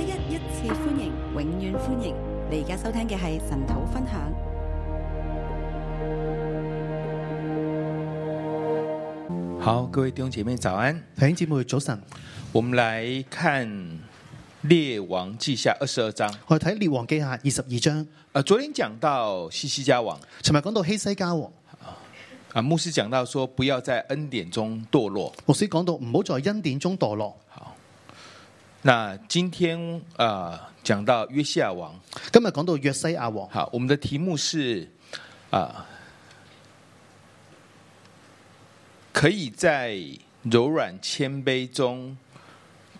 一一次歡迎，永遠歡迎！你而家收聽嘅係神土分享。好，各位弟兄姐妹早安！弟兄姐妹，早晨，我們來看列王記下二十二章。我哋睇列王記下二十二章。誒，昨天講到希西家王，尋日講到希西家王。啊，牧師講到說，不要在恩典中墮落。牧師講到唔好在恩典中墮落。好。那今天啊、呃，講到約西亞王，今日講到約西亞王。好，我們的題目是啊、呃，可以在柔軟謙卑中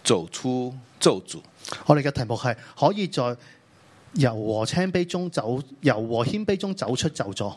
走出咒詛。我哋嘅題目係可以在柔和謙卑中走，柔和謙卑中走出咒詛。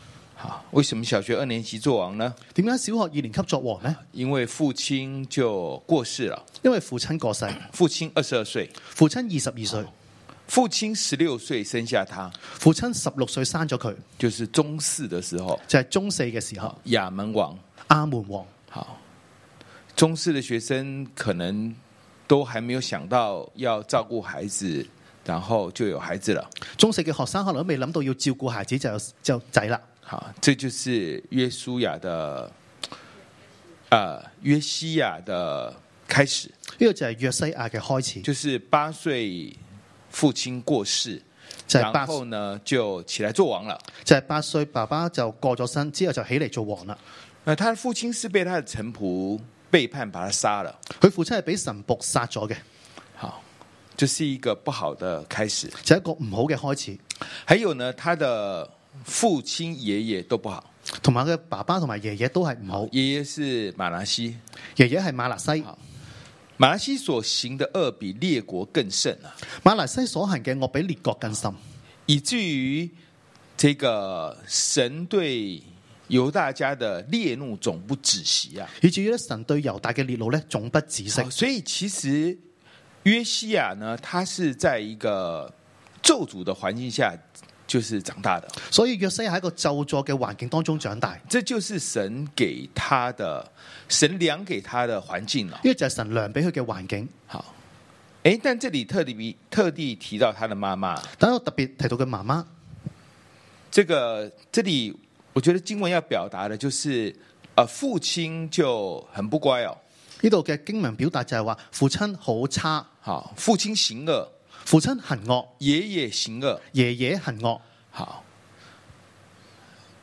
為什，為什麼小學二年級作王呢？點解小學二年級作王呢？因為父親就過世了。因為父親過世，父親二十二歲，父親二十二歲，父親十六歲生下他，父親十六歲生咗佢，就是中四的時候，就係、是、中四嘅時候。亞門王，亞門王，好。中四的學生可能都還沒有想到要照顧孩子，然後就有孩子了。中四嘅學生可能都未諗到要照顧孩子就有就仔啦。這就是約書亞的，啊、呃、約西亞的開始呢、呢個就係約西亞嘅開始，就是八歲父親過世，就是、八然後呢就起來做王了。在、就是、八歲，爸爸就過咗身，之後就起嚟做王啦。誒，他的父親是被他的臣僕背叛把他殺了，佢父親係俾神僕殺咗嘅，好，就是一個不好的開始，就是、一個唔好嘅開始。還有呢，他的。父親、爺爺都不好，同埋佢爸爸同埋爺爺都係唔好。爺爺是馬拉西亞，爺爺係馬來西亞。馬來西所行的惡比列國更甚啊！馬來西所行嘅惡比列國更深，以至於這個神對猶大家的烈怒總不止息啊！以至於神對猶大嘅烈怒呢總不止息。所以其實約西亞呢，他是在一個咒詛的環境下，就是長大的，所以約瑟喺一個就助嘅環境當中長大，這就是神給他的，神量給他的環境咯，因為就係神量俾佢嘅環境。好，誒，但這裏特地特地提到他的媽媽，等我特別提到嘅媽媽，這個這裏我覺得經文要表達的就是，啊，父親就很不乖哦，呢度嘅經文表達就係話，父親好差，哈，父親行惡。父親行惡，爺爺行惡，爺爺行惡。好，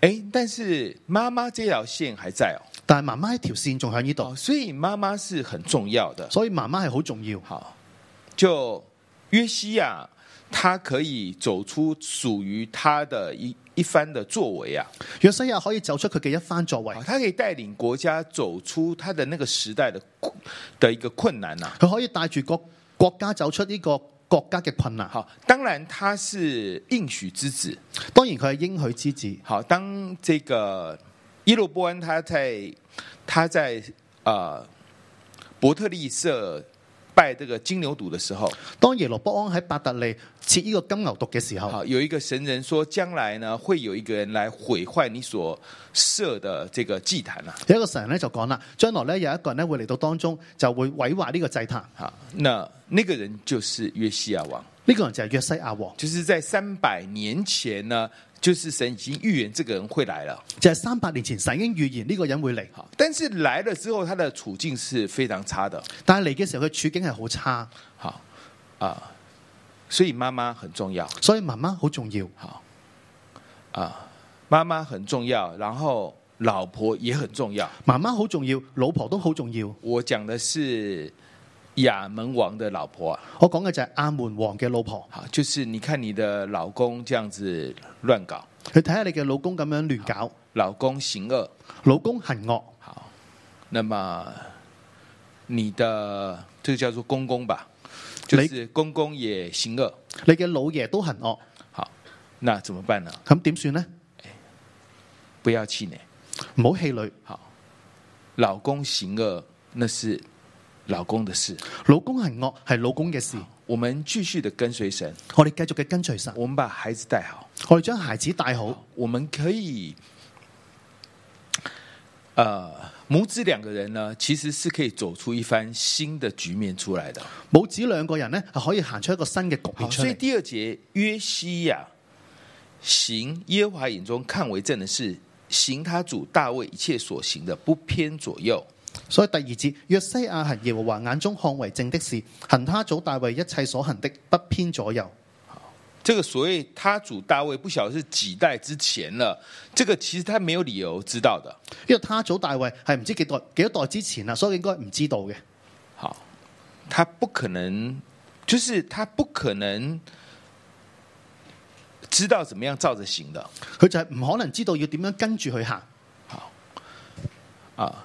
欸、但是媽媽這條線還在哦。但媽媽一條線仲喺呢度，所以媽媽是很重要的。所以媽媽係好重要。好，就約西亞，他可以走出屬於他的一一番的作為啊。約西亞可以走出佢嘅一番作為，他可以帶領國家走出他的那個時代的的一個困難吶、啊。佢可以帶住國國家走出呢、這個。國家嘅困難，好，當然他是應許之子，當然佢係應許之子。好，當這個耶羅波安他，他在他在啊伯特利社。拜這個金牛犢的時候，當耶羅波安喺伯特利設呢個金牛犢嘅時候，有一個神人說，將來呢會有一個人來毀壞你所設的這個祭壇啦。有一個神人咧就講啦，將來咧有一個人咧會嚟到當中，就會毀壞呢個祭壇。那那個人就是約西亞王。呢、這個人就係約西亞王，就是在三百年前呢。就是神已經預言這個人會來了，就係三百年前神已經預言呢個人會嚟，但是來了之後他的處境是非常差的。但係嚟嘅時候佢處境係好差，吓，啊，所以媽媽很重要，所以媽媽好重要，吓，啊，媽媽很重要，然後老婆也很重要，媽媽好重要，老婆都好重要，我講的是。亞門王的老婆啊，我講嘅就係亞門王嘅老婆，吓，就是你看你的老公這樣子亂搞，去睇下你嘅老公咁樣亂搞，老公行惡，老公行惡，好，那麼你的就、這個、叫做公公吧，就是公公也行惡，你嘅老爺都行惡，好，那怎麼辦呢？咁點算呢？不要氣餒，唔好氣餒，好，老公行惡，那是。老公的事，老公行惡，係老公嘅事。我們繼續的跟隨神，我哋繼續嘅跟隨神。我們把孩子帶好，我哋將孩子帶好，我們可以，啊、呃，母子兩個人呢，其實是可以走出一番新的局面出來的。母子兩個人呢，可以行出一個新嘅局面。所以第二節約西亞、啊、行耶和華眼中看為正的事，行他主大衛一切所行的不偏左右。所以第二節，約西亞行耶和華眼中看為正的事，行他祖大衛一切所行的，不偏左右。這個所謂他祖大衛，不曉得是幾代之前了。這個其實他沒有理由知道的，因為他祖大衛係唔知幾代幾多代之前啦，所以應該唔知道嘅。好，他不可能，就是他不可能知道怎麼樣照着行的，佢就係唔可能知道要點樣跟住去行好。啊。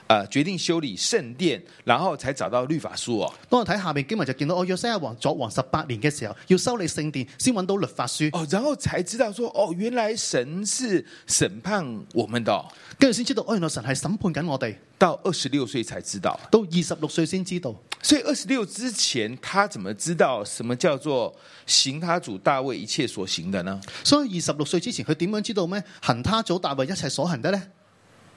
啊！決定修理聖殿，然後才找到律法書哦。當我睇下面經文就見到，我約西亞王作王十八年嘅時候，要修理聖殿先揾到律法書哦，然後才知道說，哦，原來神是審判我們的。跟住先知道，哦，原來神係審判緊我哋。到二十六歲才知道，到二十六歲先知道。所以二十六之前，他怎麼知道什麼叫做行他祖大衛一切所行的呢？所以二十六歲之前，佢點樣知道咩行他祖大衛一切所行的呢？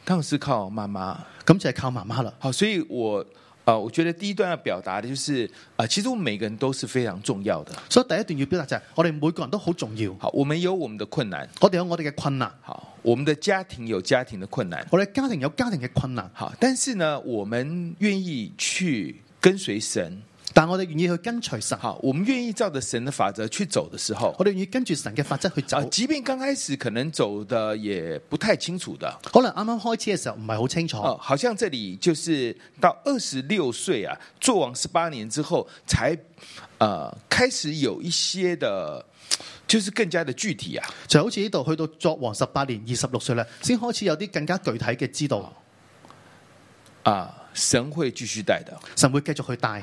佢係是靠媽媽，咁就係靠媽媽了。好，所以我，啊、呃，我覺得第一段要表達的，就是，啊、呃，其實我們每個人都是非常重要的。所以第一段要表達就係，我哋每個人都好重要。好，我們有我們的困難，我哋有我哋嘅困難。好，我們的家庭有家庭的困難，我哋家庭有家庭嘅困難。好，但是呢，我們願意去跟隨神。但我哋願意去跟隨神。好，我們願意照着神的法則去走的時候，我哋願意根據神嘅法則去走。即便剛開始可能走的也不太清楚的。可能啱啱開始嘅時候唔係好清楚。啊，好像這裏就是到二十六歲啊，作王十八年之後，才，啊、呃，開始有一些的，就是更加的具體啊。就好似呢度去到作王十八年，二十六歲啦，先開始有啲更加具體嘅知道。啊，神會繼續帶的，神會繼續去帶。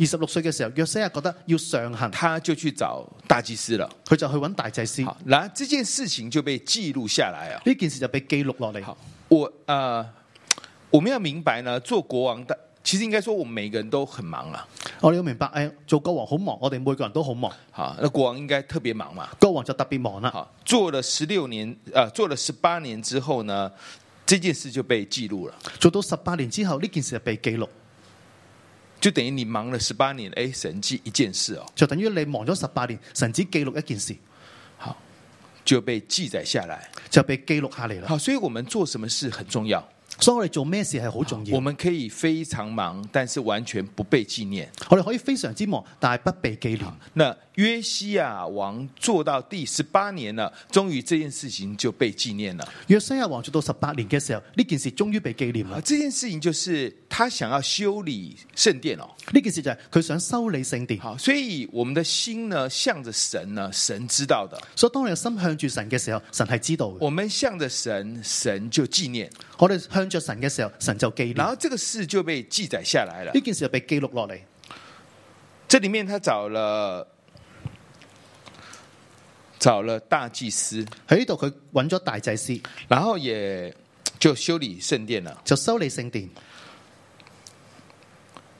二十六歲嘅時候，約西亞覺得要上行，他就去找大祭司了。佢就去揾大祭司。嗱，這件事情就被記錄下來啊！呢件事就被記錄落嚟。我啊、呃，我們要明白呢，做國王的，其實應該說，我們每個人都很忙啊。我哋要明白，哎，做國王好忙，我哋每個人都好忙。好，那國王應該特別忙嘛？國王就特別忙啦。做了十六年，誒、呃，做了十八年之後呢，這件事就被記錄了。做到十八年之後，呢件事就被記錄。就等於你忙了十八年，誒、哎，神記一件事哦。就等於你忙咗十八年，神只記錄一件事，好就被記載下來，就被記錄下嚟啦。好，所以我們做什麼事很重要，所以我哋做咩事係好重要。好，我們可以非常忙，但是完全不被紀念。我哋可以非常之忙，但係不被紀念。那約西亞王做到第十八年了，終於這件事情就被紀念了。約西亞王做到十八年嘅時候，呢件事終於被紀念了。這件事情就是。他想要修理聖殿哦，呢件事就係佢想修理聖殿。好，所以我們的心呢，向着神呢，神知道的。所以當你心向住神嘅時候，神係知道。我們向着神，神就紀念；我哋向着神嘅時候，神就紀念。然後這個事就被記載下來了，呢件事就被記錄落嚟。這裡面他找了找了大祭司喺呢度，佢揾咗大祭司，然後也就修理聖殿啦，就修理聖殿。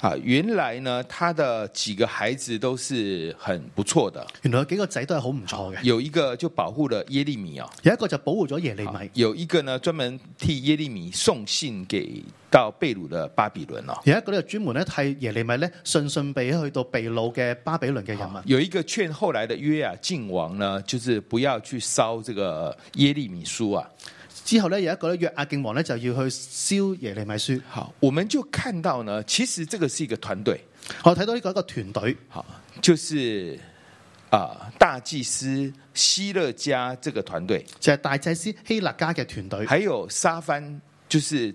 啊，原來呢，他的幾個孩子都是很不錯的。原來有幾個仔都係好唔錯嘅。有一個就保護了耶利米啊，有一個就保護咗耶利米，有一個呢專門替耶利米送信給到秘魯的巴比倫咯。有一個呢，專門咧替耶利米呢，順順俾去到秘魯嘅巴比倫嘅人啊。有一個勸後來的約啊靖王呢，就是不要去燒這個耶利米書啊。之後咧有一個咧約阿敬王咧就要去燒耶利米書。好，我們就看到呢，其實這個是一個團隊，我睇到呢個一個團隊。好，就是啊、呃、大祭司希勒家這個團隊，就係、是、大祭司希勒家嘅團隊，還有沙番，就是。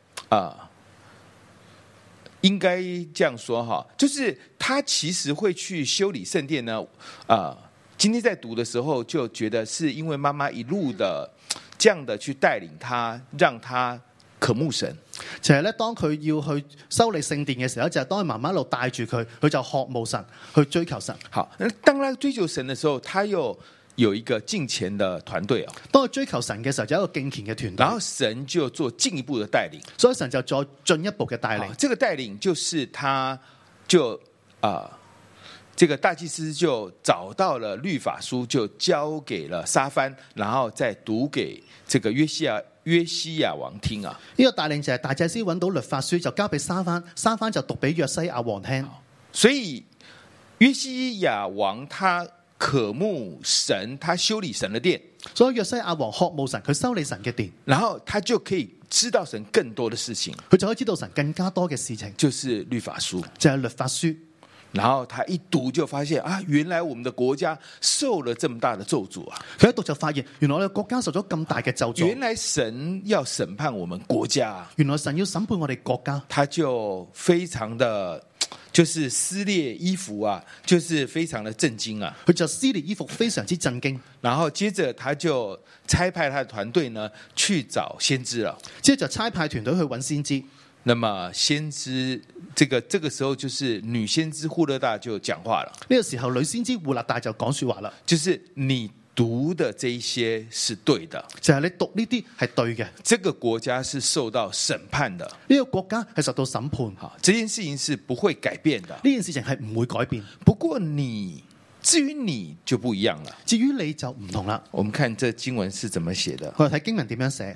啊，應該這樣說哈，就是他其實會去修理聖殿呢。啊，今天在讀的時候就覺得是因為媽媽一路的這樣的去帶領他，讓他渴慕神。其實呢，當佢要去修理聖殿嘅時候，就係、是、當佢媽媽一路帶住佢，佢就渴慕神，去追求神。好，當佢追求神的時候，他又。有一個敬虔的團隊啊！當我追求神嘅時候，就有一個敬虔嘅團隊。然後神就做進一步的帶領，所以神就做進一步嘅帶領。這個帶領就是他就啊、呃，這個大祭司就找到了律法書，就交給了沙番，然後再讀給這個約西亞約西亞王聽啊。呢、這個帶領就係大祭司揾到律法書就交俾沙番，沙番就讀俾約西阿王聽。所以約西亞王他。渴慕神，他修理神的殿，所以約西亞王渴慕神，佢修理神嘅殿，然後他就可以知道神更多的事情，佢就可以知道神更加多嘅事情，就是律法書，就係、是、律法書。然後他一讀就發現啊，原來我們的國家受了這麼大的咒詛啊！他一讀就發現，原來我們的國家受咗咁大嘅咒詛。原來神要審判我們國家，原來神要審判我哋國家。他就非常的，就是撕裂衣服啊，就是非常的震驚啊！佢就撕裂衣服，非常之震驚。然後接着他就差派他的團隊呢去找先知了，接着就差派團隊去揾先知。那麼先知，這個這個時候就是女先知胡勒大就講話了。呢個時候女先知胡勒大就講說話了。就是你讀的這些是對的，就係你讀呢啲係對嘅。這個國家是受到審判的，呢個國家係受到審判。哈，這件事情是不會改變的，呢件事情係唔會改變。不過你，至於你就不一樣了，至於你就唔同了。我們看這經文是怎麼寫的，我哋睇經文點樣寫。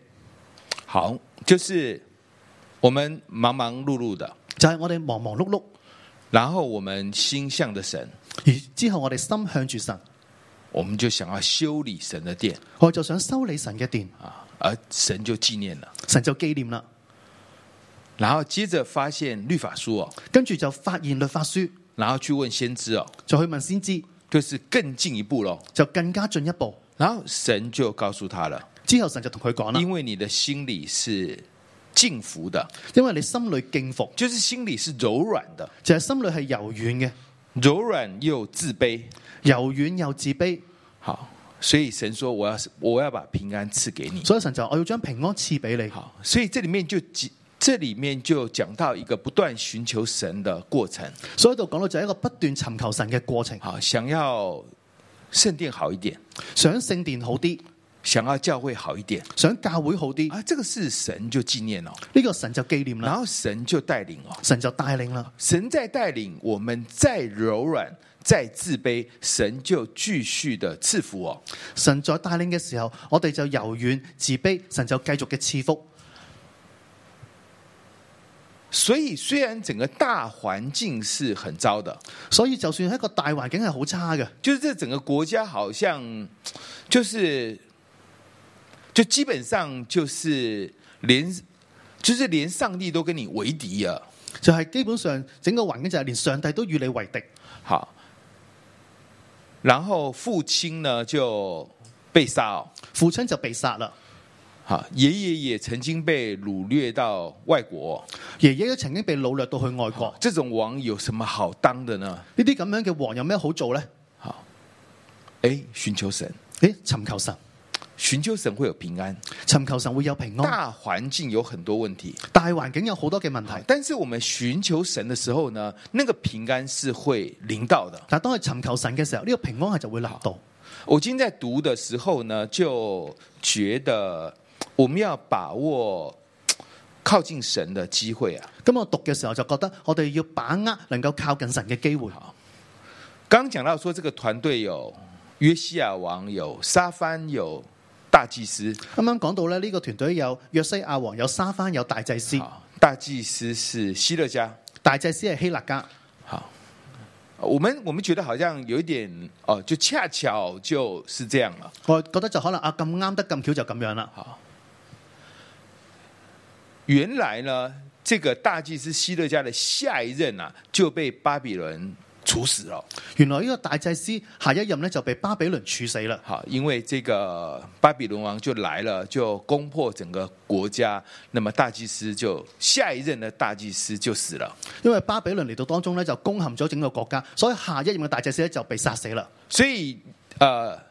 好，就是我們忙忙碌碌的，就係我哋忙忙碌碌，然後我們心向着神，之後我哋心向住神，我們就想要修理神的殿，我就想修理神嘅殿啊，而神就紀念啦，神就紀念啦，然後接着發現律法書哦，跟住就發現律法書，然後去問先知哦，再去問先知，就是更進一步咯，就更加進一步，然後神就告訴他了。之後神就同佢講啦，因為你的心裏是敬服的，因為你心裏敬服，就是心裏是柔軟的，就係、是、心裏係柔軟嘅，柔軟又自卑，柔軟又自卑。好，所以神說我要我要把平安賜給你，所以神就話我要將平安賜俾你。好，所以這裏面就這裏面就講到一個不斷尋求神的過程，所以就講到就係一個不斷尋求神嘅過程。好，想要聖殿好一點，想聖殿好啲。想要教會好一點，想教會好啲，啊，這個是神就紀念咯，呢個神就紀念了，然後神就帶領咯，神就帶領了，神在帶領，我們再柔軟再自卑，神就繼續的賜福我。神在帶領嘅時候，我哋就柔軟自卑，神就繼續嘅賜福。所以雖然整個大環境是很糟的，所以就算一個大環境係好差嘅，就是這整個國家好像就是。就基本上就是連，就是連上帝都跟你為敵啊！就還、是、基本上整個環境就係連上帝都與你為敵。好，然後父親呢就被殺，父親就被殺了。好，爺爺也曾經被擄掠到外國，爺爺也曾經被擄掠到去外國。這種王有什麼好當的呢？呢啲咁樣嘅王有咩好做呢？好，誒，尋、欸、求神，誒、欸，尋求神。尋求神會有平安，尋求神會有平安。大環境有很多問題，大環境有好多嘅問題。但是我們尋求神的時候呢，那個平安是會臨到的。但係當係尋求神嘅時候，呢、這個平安係就會臨到。我今日在讀嘅時候呢，就覺得我們要把握靠近神嘅機會啊。咁我讀嘅時候就覺得我哋要把握能夠靠近神嘅機會。好，剛，剛講到說，這個團隊有約西亞王，有、沙番，有。大祭司，啱啱講到咧，呢個團隊有約西亞王，有沙番，有大祭司。大祭司是希勒家，大祭司係希勒家。好，我們我們覺得好像有一點，就恰巧就是這樣啦。我覺得就可能啊咁啱得咁巧就咁樣啦。好，原來呢，這個大祭司希勒家的下一任啊，就被巴比倫。處死咯！原來呢個大祭司下一任咧，就被巴比倫處死了，好，因為這個巴比倫王就來了，就攻破整個國家，那麼大祭司就下一任的大祭司就死了。因為巴比倫嚟到當中呢，就攻陷咗整個國家，所以下一任嘅大祭司咧，就被殺死了。所以，誒、呃。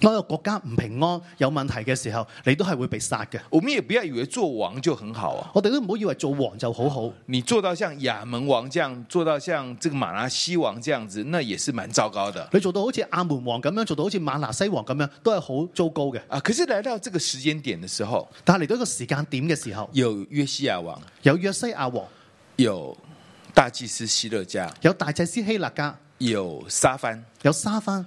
當一個國家唔平安，有問題嘅時候，你都係會被殺嘅。我們也不要以為做王就很好啊！我哋都唔好以為做王就好好。你做到像亞門王這樣，做到像這個瑪拿西王這樣子，那也是蠻糟糕的。你做到好似亞門王咁樣，做到好似瑪拿西王咁樣，都係好糟糕嘅。啊！可是來到這個時間點嘅時候，但係嚟到一個時間點嘅時候，有約西亞王，有約西亞王，有大祭司希勒家，有大祭司希勒家，有沙番，有沙番。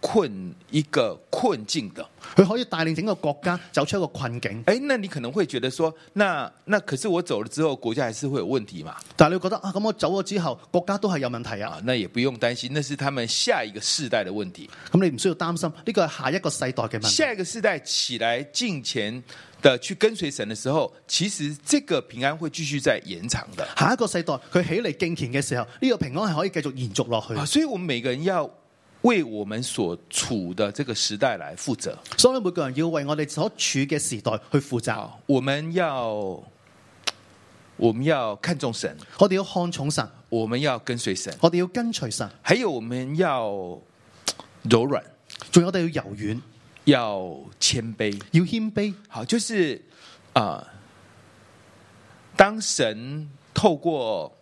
困一個困境的，佢可以帶領整個國家走出一個困境。誒，那你可能會覺得說，那那可是我走了之後，國家還是會有問題嘛？但係你會覺得啊，咁我走咗之後，國家都係有問題啊，啊？那也不用擔心，那是他們下一個世代的問題。咁你唔需要擔心，呢個係下一個世代嘅問題。下一個世代起來敬虔的去跟隨神的時候，其實這個平安會繼續再延長的。下一個世代佢起嚟敬虔嘅時候，呢個平安係可以繼續延續落去，啊，所以我們每個人要……為我們所處的這個時代來負責，所以每個人要為我哋所處嘅時代去負責。我們要，我們要看重神，我哋要看重神，我們要跟隨神，我哋要跟隨神。還有，我們要柔軟，仲有我哋要柔軟，要謙卑，要謙卑。好，就是啊，uh, 當神透過，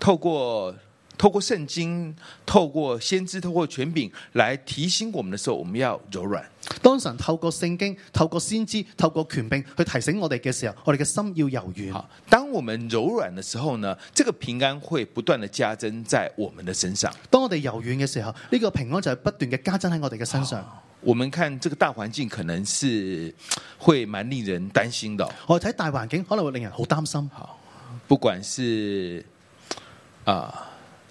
透過。透過聖經、透過先知、透過權柄來提醒我們的時候，我們要柔軟。當神透過聖經、透過先知、透過權柄去提醒我哋嘅時候，我哋嘅心要柔軟。當我們柔軟的時候呢，這個平安會不斷的加增在我們的身上。當我哋柔軟嘅時候，呢個平安就係不斷嘅加增喺我哋嘅身上，啊。我們看這個大環境，可能是會蠻令人擔心的。我哋睇大環境可能會令人好擔心，啊，不管是啊。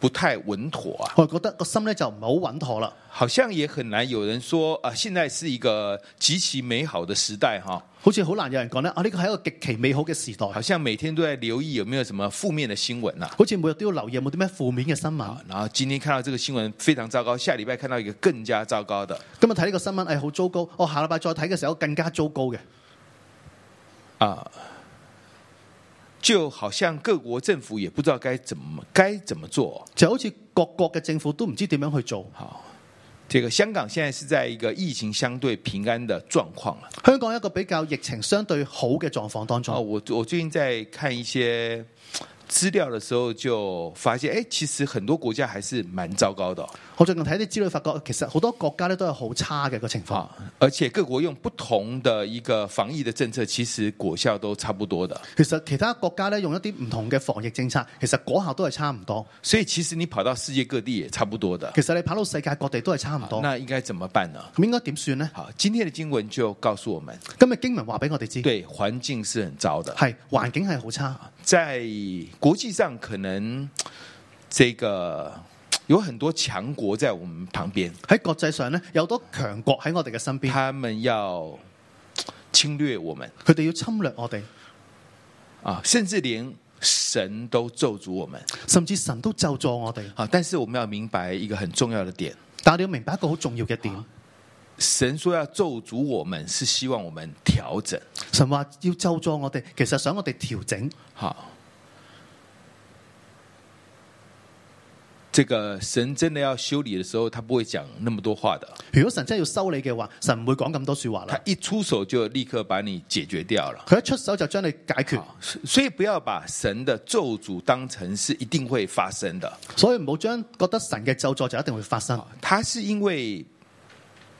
不太穩妥啊，我覺得個心咧就唔係好穩妥啦。好像也很難有人說啊，現在是一個極其美好的時代哈。好似好難有人講呢，啊，呢個係一個極其美好嘅時代。好像每天都在留意有沒有什麼負面嘅新聞啊，好似每日都要留意有冇啲咩負面嘅新聞。然後今天看到這個新聞非常糟糕，下禮拜看到一個更加糟糕的。今日睇呢個新聞係好、哎、糟糕，我下禮拜再睇嘅時候更加糟糕嘅。啊。就好像各國政府也不知道該怎麼該怎麼做，就好似各國嘅政府都唔知點樣去做。好，這個香港現在是在一個疫情相對平安的狀況啦。香港一個比較疫情相對好嘅狀況當中，我我最近在看一些。資料的時候就發現，誒、欸，其實很多國家還是蠻糟糕的、哦。我最近睇啲資料，發覺其實好多國家呢都係好差嘅個情況、啊。而且各國用不同的一個防疫的政策，其實果效都差不多的。其實其他國家呢用一啲唔同嘅防疫政策，其實果效都係差唔多。所以其實你跑到世界各地也差不多的。其實你跑到世界各地都係差唔多、啊。那應該怎麼辦呢？咁應該點算呢、啊？今天的經文就告訴我們，今日經文話俾我哋知，對環境是很糟的，係環境係好差。在國際上可能，這個有很多強國在我們旁邊。喺國際上呢，有多強國喺我哋嘅身邊。他們要侵略我們，佢哋要侵略我哋。啊，甚至連神都咒詛我們，甚至神都咒詛我哋。啊，但是我們要明白一個很重要的點，但係你要明白一個好重要嘅點。神說要咒詛我們，是希望我們調整。神話要咒詛我哋，其實想我哋調整。好，這個神真的要修理的時候，他不會講那麼多話的。如果神真係要修理嘅話，神唔會講咁多說話啦。他一出手就立刻把你解決掉了。佢一出手就將你解決，所以不要把神的咒詛當成是一定會發生的。所以唔好將覺得神嘅咒詛就一定會發生。他是因為。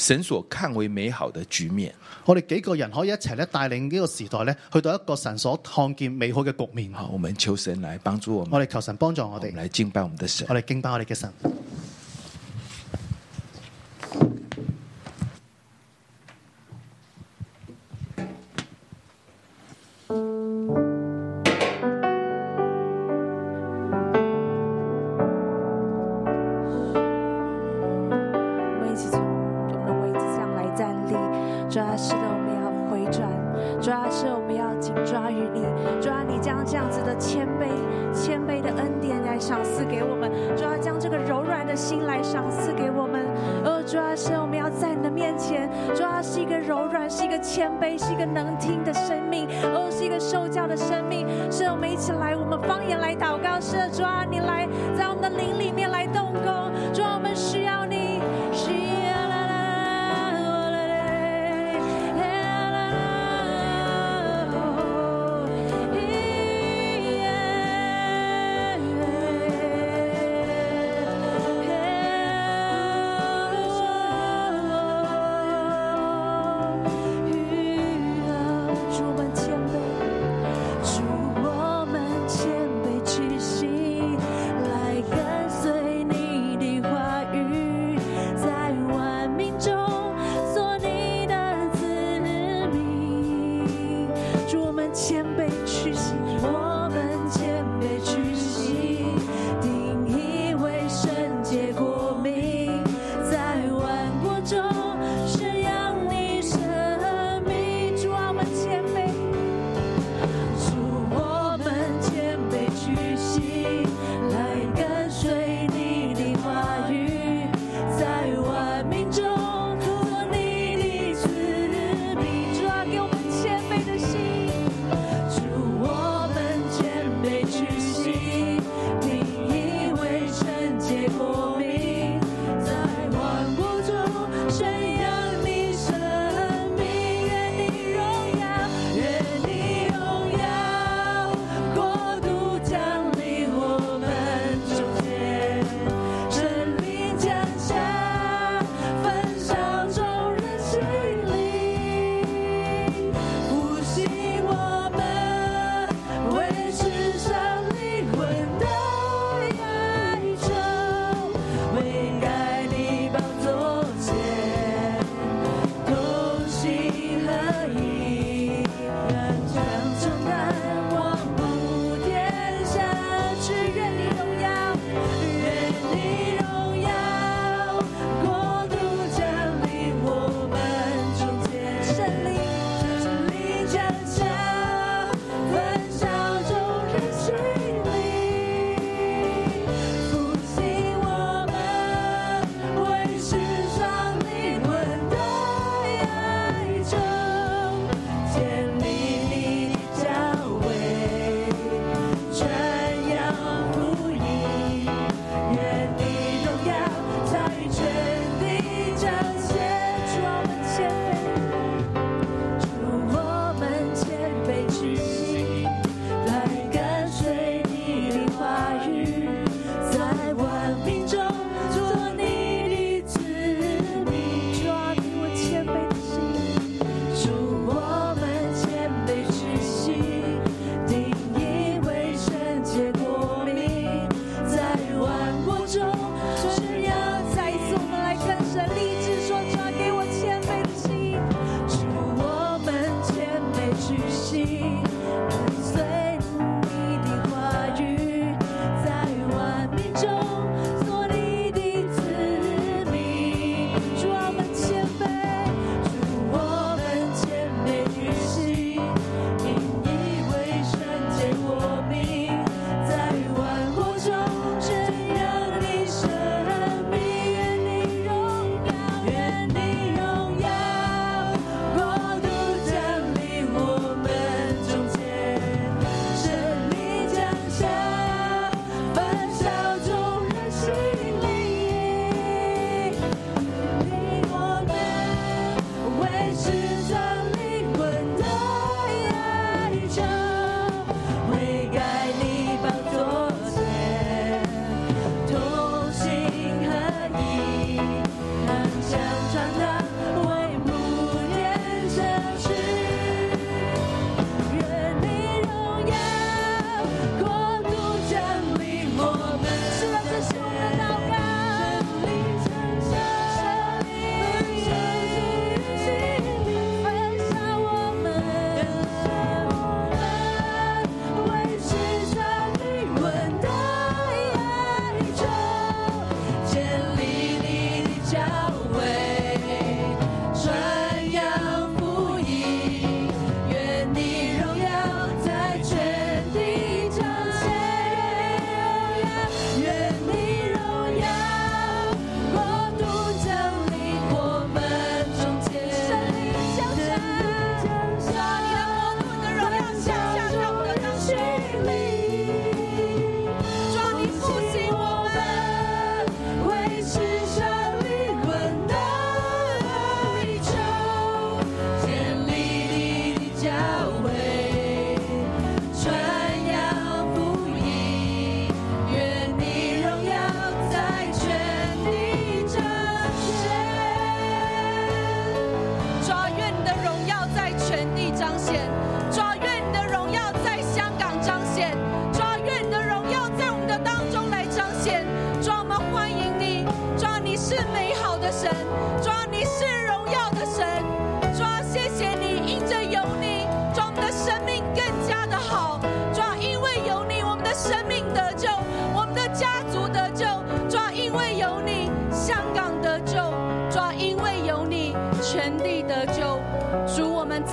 神所看為美好的局面，我哋幾個人可以一齊帶領呢個時代去到一個神所看見美好嘅局面。好，我們求神來幫助我們。我哋求神幫助我哋，我們來敬拜我們的神。我哋敬拜我哋嘅神。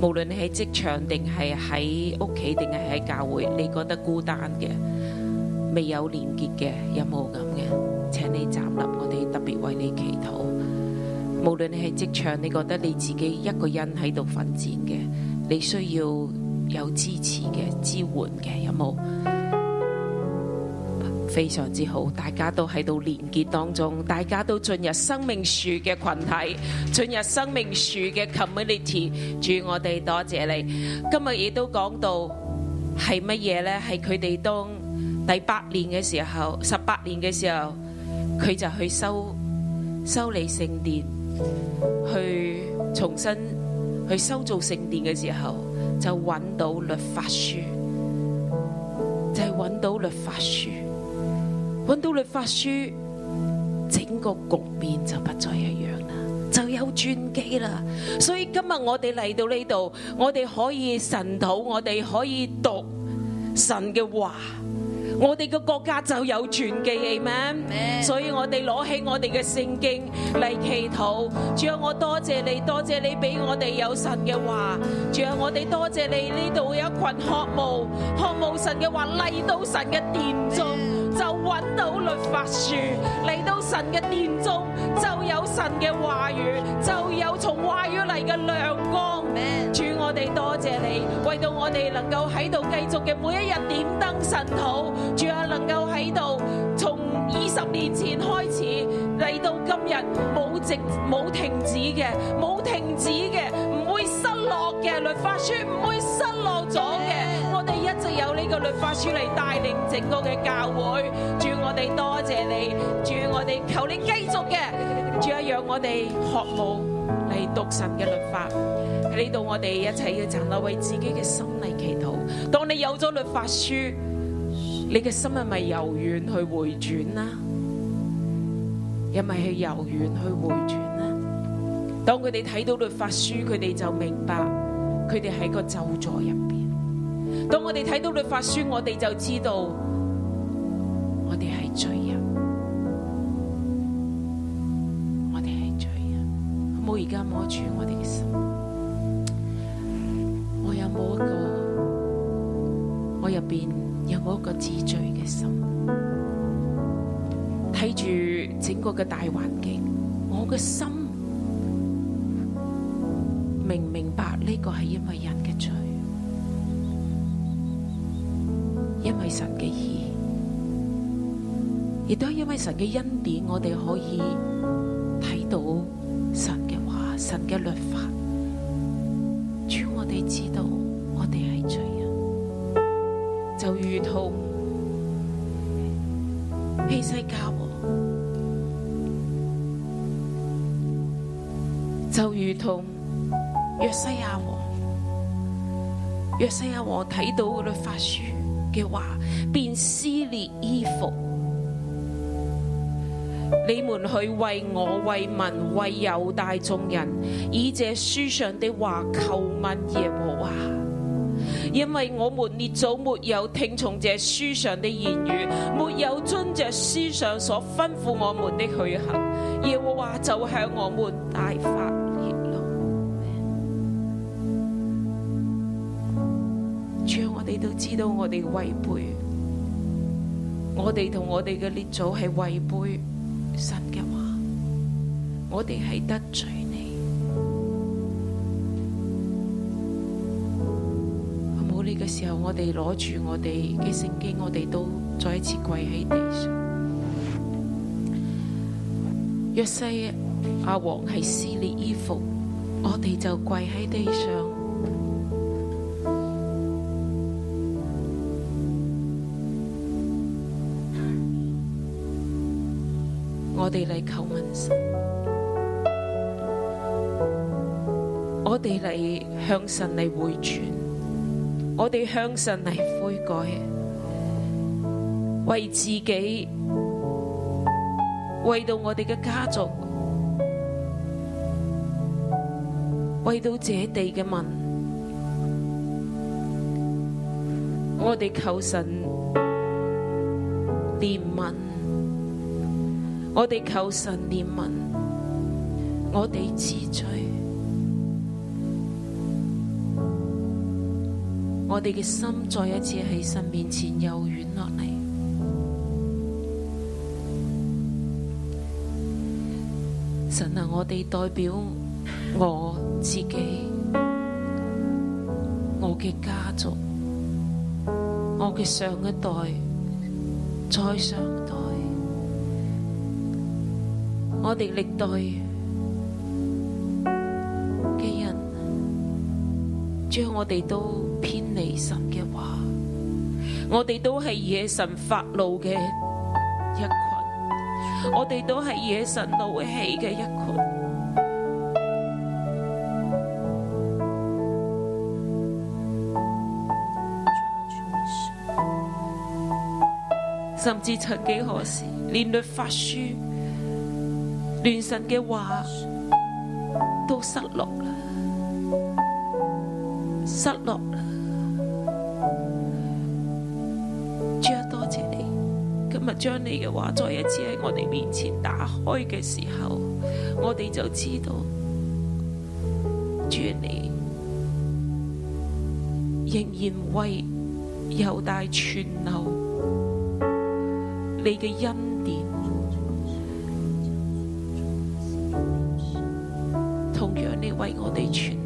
無論你喺職場定係喺屋企定係喺教會，你覺得孤單嘅，未有連結嘅，有冇咁嘅？請你站立，我哋特別為你祈禱。無論你喺職場，你覺得你自己一個人喺度奮戰嘅，你需要有支持嘅、支援嘅，有冇？非常之好，大家都喺度連結當中，大家都進入生命樹嘅群體，進入生命樹嘅 community。主，我哋多謝你，今日亦都講到係乜嘢呢？係佢哋當第八年嘅時候，十八年嘅時候，佢就去修修理聖殿，去重新去修造聖殿嘅時候，就揾到律法書，就係揾到律法書。揾到律法書，整個局面就不再一樣啦，就有轉機啦。所以今日我哋嚟到呢度，我哋可以神禱，我哋可以讀神嘅話，我哋嘅國家就有轉機，係咪？所以我哋攞起我哋嘅聖經嚟祈禱。主啊，我多謝你，多謝你俾我哋有神嘅話。主啊，我哋多謝你呢度有一群渴慕渴慕神嘅話嚟到神嘅殿中。就揾到律法書嚟到神嘅殿中，就有神嘅話語，就有從話語嚟嘅亮光。主，我哋多謝你，為到我哋能夠喺度繼續嘅每一日點燈神土。主啊，能夠喺度從二十年前開始嚟到今日冇直冇停止嘅，冇停止嘅。嘅律法書唔會失落咗嘅，我哋一直有呢個律法書嚟帶領整個嘅教會。主我哋多謝你，主我哋求你繼續嘅，主啊，讓我哋學武嚟讀神嘅律法。喺呢度我哋一齊要站立，為自己嘅心理祈禱。當你有咗律法書，你嘅心係咪柔軟去回轉呢？因為係柔軟去回轉。當佢哋睇到律法書，佢哋就明白佢哋喺個咒詛入邊。當我哋睇到律法書，我哋就知道我哋係罪人，我哋係罪人。冇而家摸住我哋嘅心，我有冇一個，我入邊有冇一個自罪嘅心，睇住整個嘅大環境，我嘅心。明明白呢個係因為人嘅罪，因為神嘅義，亦都係因為神嘅恩典，我哋可以睇到神嘅話、神嘅律法，主，我哋知道我哋係罪人，就如同披世教我，就如同。若西亞王，若西亞王睇到嗰律法書嘅話，便撕裂衣服。你們去為我慰問，為民，為猶大眾人，以這書上的話求問耶和華，因為我們列祖沒有聽從這書上的言語，沒有遵着書上所吩咐我們的去行，耶和華就向我們大發。知道我哋違背，我哋同我哋嘅列祖係違背神嘅話，我哋係得罪你。阿母呢嘅時候，我哋攞住我哋嘅聖經，我哋都再一次跪喺地上。約西亞王係撕裂衣服，我哋就跪喺地上。我哋嚟求問神，我哋嚟向神嚟回轉，我哋向神嚟悔改，為自己，為到我哋嘅家族，為到這地嘅民，我哋求神憐憫。我哋求神憐憫，我哋自罪，我哋嘅心再一次喺神面前又軟落嚟。神啊，我哋代表我自己，我嘅家族，我嘅上一代，再上。我哋歷代嘅人，將我哋都偏離神嘅話，我哋都係惹神發怒嘅一群，我哋都係惹神怒氣嘅一群，嗯，甚至曾幾何時，連律法書。全神嘅話都失落啦，失落啦！主啊，多謝你，今日將你嘅話再一次喺我哋面前打開嘅時候，我哋就知道，主你仍然為猶大存留你嘅恩。為我哋傳。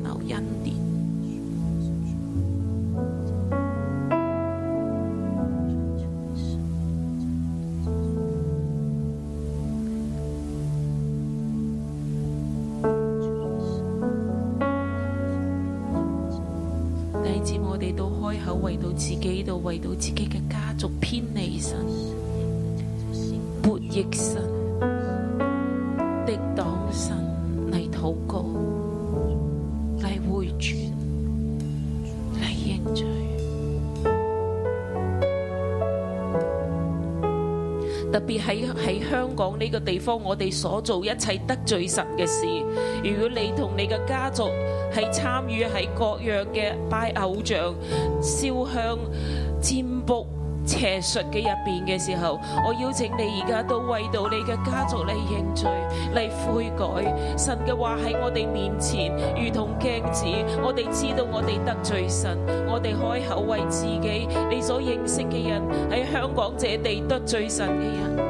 講、這、呢個地方，我哋所做一切得罪神嘅事。如果你同你嘅家族係參與喺各樣嘅拜偶像、燒香、佔卜、邪術嘅入邊嘅時候，我邀請你而家都為到你嘅家族嚟認罪、嚟悔改。神嘅話喺我哋面前如同鏡子，我哋知道我哋得罪神。我哋開口為自己、你所認識嘅人喺香港這地得罪神嘅人。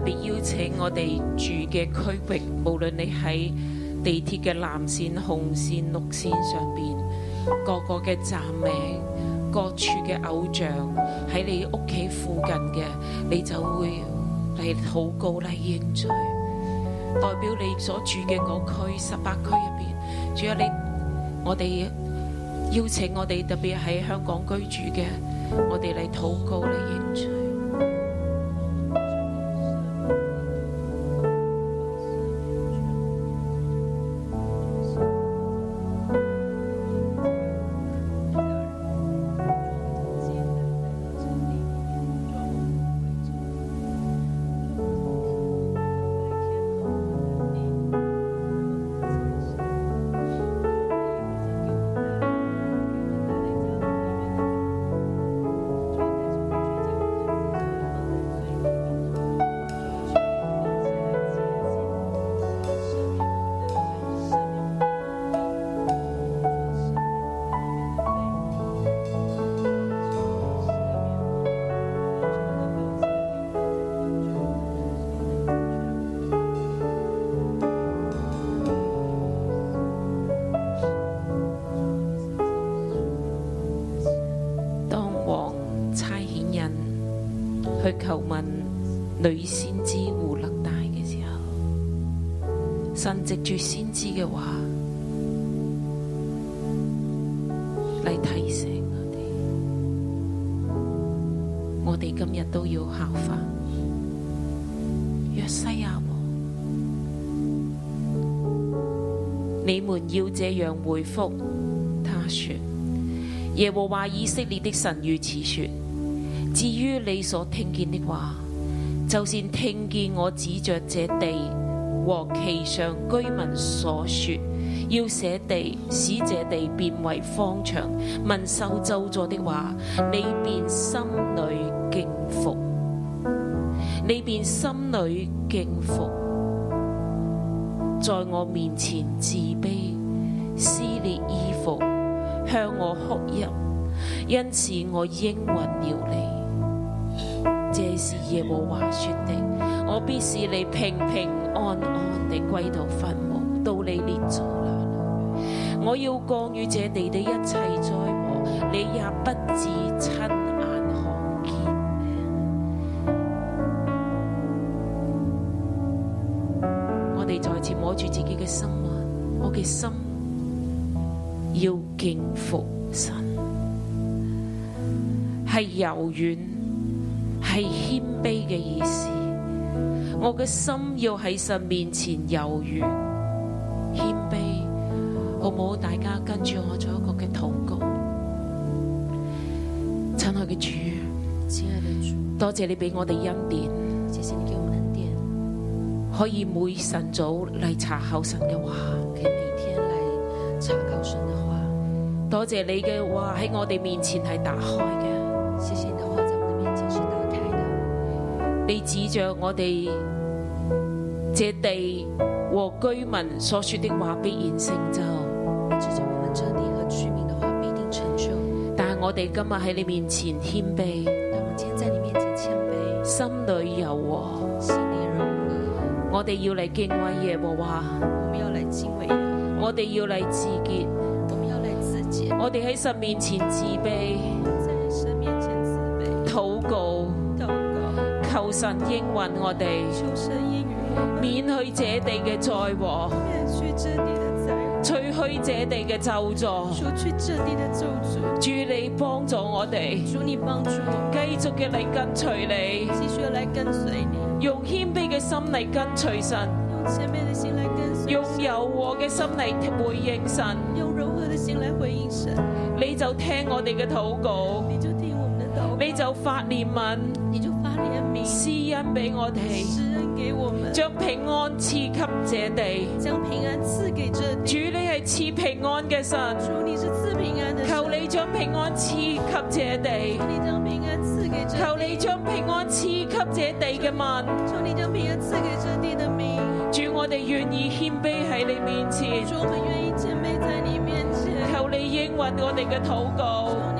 特別邀請我哋住嘅區域，無論你喺地鐵嘅藍線、紅線、綠線上邊，各個個嘅站名、各處嘅偶像喺你屋企附近嘅，你就會嚟禱告嚟認罪，代表你所住嘅嗰區十八區入邊，仲有你，我哋邀請我哋特別喺香港居住嘅，我哋嚟禱告嚟認罪。一樣回覆，他說：耶和華以色列的神如此說：至於你所聽見的話，就算聽見我指着這地和其上居民所說，要捨地使這地變為荒場，民受咒詛的話，你便心裏敬服，你便心裏敬服，在我面前自卑。撕裂衣服，向我哭泣，因此我應允了你。這是耶和華說的，我必使你平平安安地歸到墳墓，到你列祖那裏。我要降與這地的一切災禍，你也不至親眼看見。 我哋再次摸住自己嘅心啊，我嘅心。柔軟係謙卑嘅意思，我嘅心要喺神面前柔軟謙卑，好唔好？大家跟住我做一個嘅禱告。親愛嘅主，主，多謝你俾我哋恩典，可以每晨早嚟查考神嘅話，話，多謝你嘅話喺我哋面前係打開嘅。你指着我哋這地和居民所說的話必然成就，但係我哋今日喺你面前謙卑，心裏柔和，我哋要嚟敬畏耶和華，我哋要嚟自潔，我哋喺神面前自卑。神應允我哋，免去這地嘅災禍，除去這地嘅咒詛，主你幫助我哋，繼續嘅嚟跟隨你，用謙卑嘅心嚟跟隨神，用柔和嘅心嚟回應神，你就聽我哋嘅禱告，你就發憐憫。施恩俾我哋，施恩給我們，將平安賜給這地，將平安賜給這地。主，你係賜平安嘅神，主你是賜平安的神。求你將平安賜給這地，求你將平安賜給這地。求你將平安賜給這地嘅民，求你將平安賜給這地的民。主，我哋願意謙卑喺你面前，主我們願意謙卑在你面前。前在你面前，求你應允我哋嘅禱告。